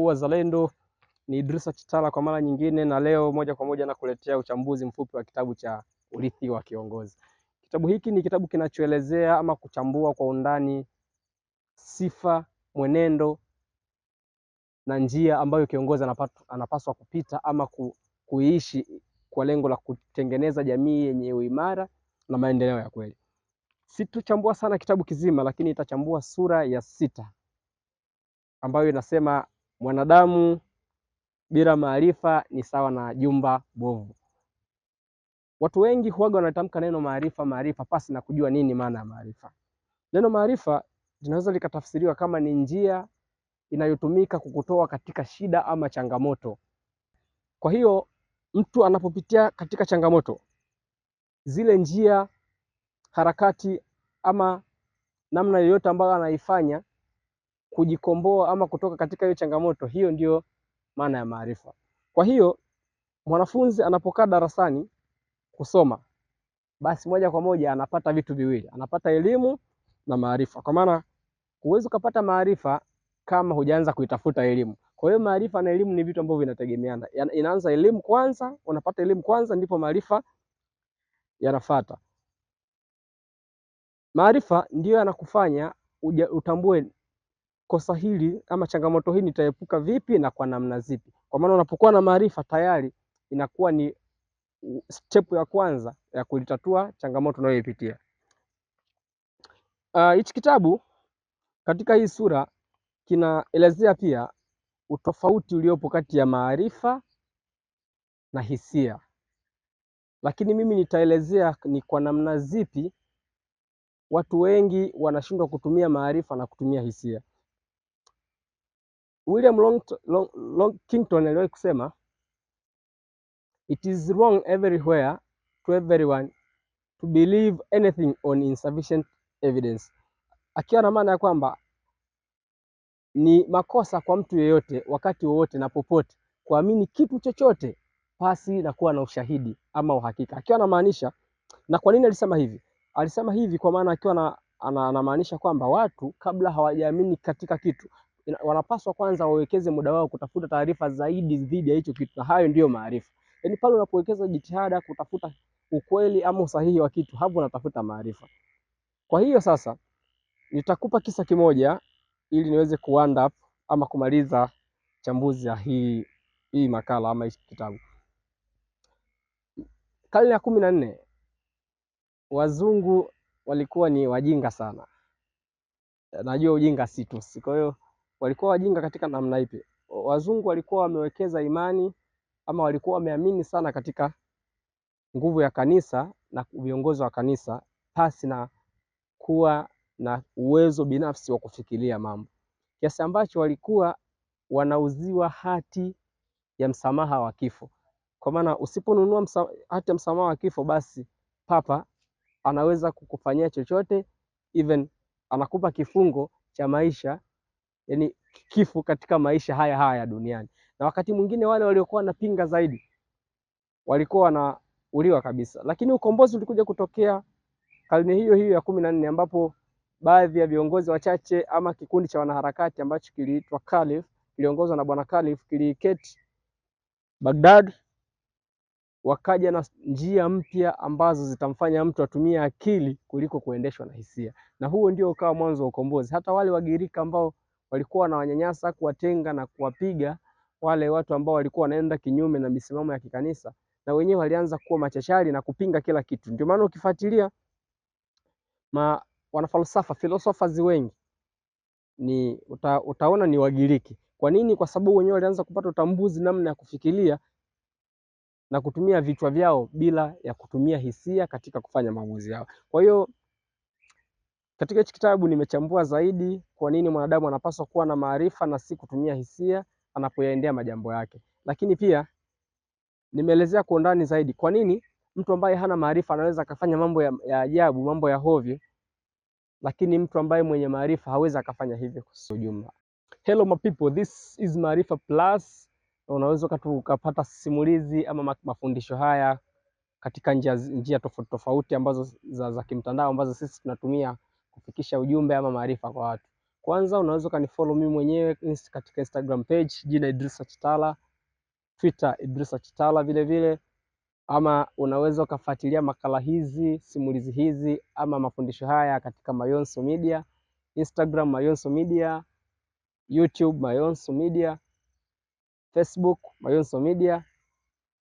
Wazalendo ni Idrisa Chitala kwa mara nyingine, na leo moja kwa moja nakuletea uchambuzi mfupi wa kitabu cha Urithi wa Kiongozi. Kitabu hiki ni kitabu kinachoelezea ama kuchambua kwa undani sifa, mwenendo na njia ambayo kiongozi anapaswa kupita ama kuiishi kwa lengo la kutengeneza jamii yenye uimara na maendeleo ya kweli. Situchambua sana kitabu kizima, lakini itachambua sura ya sita ambayo inasema mwanadamu bila maarifa ni sawa na jumba bovu. Watu wengi huaga wanatamka neno maarifa maarifa, pasi na kujua nini maana ya maarifa. Neno maarifa linaweza likatafsiriwa kama ni njia inayotumika kukutoa katika shida ama changamoto. Kwa hiyo mtu anapopitia katika changamoto, zile njia, harakati ama namna yoyote ambayo anaifanya kujikomboa ama kutoka katika hiyo changamoto. Hiyo ndio maana ya maarifa. Kwa hiyo mwanafunzi anapokaa darasani kusoma, basi moja kwa moja anapata vitu viwili, anapata elimu na maarifa, kwa maana huwezi ukapata maarifa kama hujaanza kuitafuta elimu. Kwa hiyo maarifa na elimu ni vitu ambavyo vinategemeana, inaanza elimu kwanza, unapata elimu kwanza, ndipo maarifa yanafata. Maarifa ndiyo yanakufanya utambue kosa hili ama changamoto hii nitaepuka vipi na kwa namna zipi. Kwa maana unapokuwa na maarifa tayari inakuwa ni step ya kwanza ya kulitatua changamoto unayoipitia. Ah, hichi uh, kitabu katika hii sura kinaelezea pia utofauti uliopo kati ya maarifa na hisia, lakini mimi nitaelezea ni kwa namna zipi watu wengi wanashindwa kutumia maarifa na kutumia hisia. William Long, Long, Long, Kington aliwahi kusema it is wrong everywhere to everyone to believe anything on insufficient evidence, akiwa na maana ya kwamba ni makosa kwa mtu yeyote wakati wowote na popote kuamini kitu chochote pasi na kuwa na ushahidi ama uhakika, akiwa anamaanisha. Na kwa nini alisema hivi? Alisema hivi kwa maana akiwa anamaanisha kwamba watu kabla hawajaamini katika kitu wanapaswa kwanza wawekeze muda wao kutafuta taarifa zaidi dhidi ya hicho kitu, na hayo ndiyo maarifa. Yaani pale unapowekeza jitihada kutafuta ukweli ama usahihi wa kitu, hapo unatafuta maarifa. Kwa hiyo sasa nitakupa kisa kimoja ili niweze kuanda ama kumaliza chambuzi ya hii hii makala ama hii kitabu. Karne ya kumi na nne wazungu walikuwa ni wajinga sana. Najua ujinga si tusi, kwa hiyo walikuwa wajinga katika namna ipi? Wazungu walikuwa wamewekeza imani ama walikuwa wameamini sana katika nguvu ya kanisa na viongozi wa kanisa pasi na kuwa na uwezo binafsi wa kufikiria mambo, kiasi ambacho walikuwa wanauziwa hati ya msamaha wa kifo. Kwa maana usiponunua msa, hati ya msamaha wa kifo, basi papa anaweza kukufanyia chochote, even anakupa kifungo cha maisha yani kifo katika maisha haya haya duniani, na wakati mwingine wale waliokuwa wanapinga zaidi walikuwa wanauliwa kabisa. Lakini ukombozi ulikuja kutokea karne hiyo hiyo ya kumi na nne ambapo baadhi ya viongozi wachache ama kikundi cha wanaharakati ambacho kiliitwa Calif kiliongozwa na bwana Calif kiliketi Baghdad, wakaja na njia mpya ambazo zitamfanya mtu atumie akili kuliko kuendeshwa na hisia, na huo ndio ukawa mwanzo wa ukombozi. Hata wale Wagirika ambao walikuwa wanawanyanyasa, kuwatenga na kuwapiga wale watu ambao walikuwa wanaenda kinyume na misimamo ya kikanisa, na wenyewe walianza kuwa machachari na kupinga kila kitu. Ndio maana ukifuatilia ma wanafalsafa philosophers wengi ni uta, utaona ni Wagiriki. Kwa nini? Kwa sababu wenyewe walianza kupata utambuzi namna ya kufikiria na kutumia vichwa vyao bila ya kutumia hisia katika kufanya maamuzi yao. Kwa hiyo katika hichi kitabu nimechambua zaidi kwa nini mwanadamu anapaswa kuwa na maarifa na si kutumia hisia anapoyaendea majambo yake, lakini pia nimeelezea kwa undani zaidi kwa nini mtu ambaye hana maarifa anaweza akafanya mambo ya, ya ajabu, mambo ya hovyo, lakini mtu ambaye mwenye maarifa hawezi akafanya hivyo. Kwa ujumla, hello my people, this is Maarifa Plus. Unaweza ukapata simulizi ama mafundisho haya katika njia, njia tofauti tofauti ambazo za, za kimtandao ambazo sisi tunatumia kufikisha ujumbe ama maarifa kwa watu. Kwanza unaweza ukanifollow mimi mwenyewe katika Instagram page jina Idrisa Chitala, Twitter Idrisa Chitala vile vile, ama unaweza ukafuatilia makala hizi, simulizi hizi ama mafundisho haya katika Mayonso Media, Instagram Mayonso Media, YouTube Mayonso Media, Facebook Mayonso Media